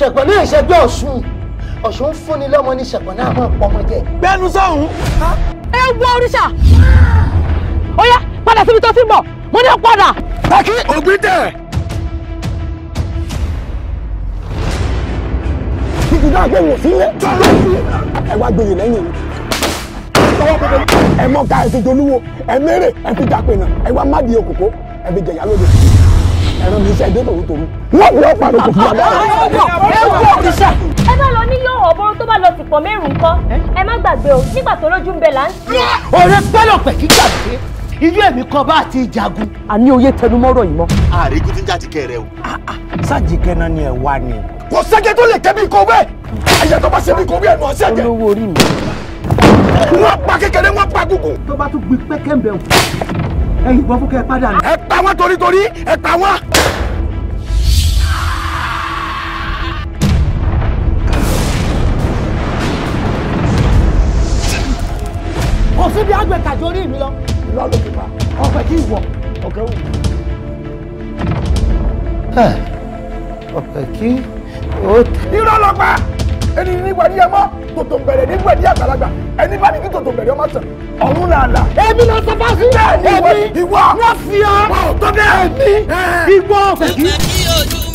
ṣẹ̀gbọ́n náà ìṣẹ́gbẹ́ ọ̀ṣun ọ̀ṣun fúnni lọ́mọ ní ṣẹ̀gbọ́n náà máa pọ̀ ọmọ jẹ. gbẹnu sọhùn. ẹ wọ oríṣà ó yá padà síbi tó ti ń bọ̀ mo ní padà. pàkí ògbín tẹ̀. títí náà gbé wò sílẹ̀. ẹ wá gbèrè lẹ́yìn mi. ẹ mọ ká ẹ fi dolúwo ẹ mérè ẹ fi jà pinna ẹ wá má di òkòkò ẹ fi jẹyà lóde ẹran mi iṣẹ́ dé tòwútòwú. wọ́n fi ọ́ pariwo kò fún wa dára bọ̀ mẹ́rùn kọ́ eh? ẹ má gbàgbé o nígbà tó lójú ń bẹ là ń tì. ọ̀rẹ́ pẹ́lọ̀pẹ̀ kí gbàgbé ilé èmi kan bá ti jagun. àní oyè tẹnumọ́rọ̀ yìí mọ́. ààrẹ kò ti ń jáde kẹrẹ o. Ah, ah, sáàjì kẹ́nà ni ẹ wá ni. kò sẹ́jẹ̀ tó lè tẹ́bi kò wẹ́ ẹ̀yẹ tó bá ṣe bí kò wẹ́ ẹ̀ nù ọ̀sẹ̀ jẹ. olówó orí mi. wọ́n pa kékeré wọ́n pa gúngùn. tó bá tún gbin pẹ́kẹ́ ń bẹ̀ wò. ẹ̀yìn bọ́ fún kẹ́ ẹ padà. ẹ pa wọn torítorí ẹ pa wọn. kò síbi àgbẹ̀kàjọ orí mi lọ. ìlú àlòkè pa kí ìwọ ọ̀kẹ́ wù. ọ̀pẹ kí ó. irọ́ lọ pa ẹni nígbà ní ẹmọ tòtò bẹ̀rẹ̀ nígbà ní àgbàlagbà ẹni bá ní kí tòtò bẹ̀rẹ̀ ọmọ sàn ọ̀run làlà. èmi lọ sọ fásitì bẹ́ẹ̀ ni ìwọ ìwọ fi ọ wọn ò ìwọ ọ̀pẹ kí.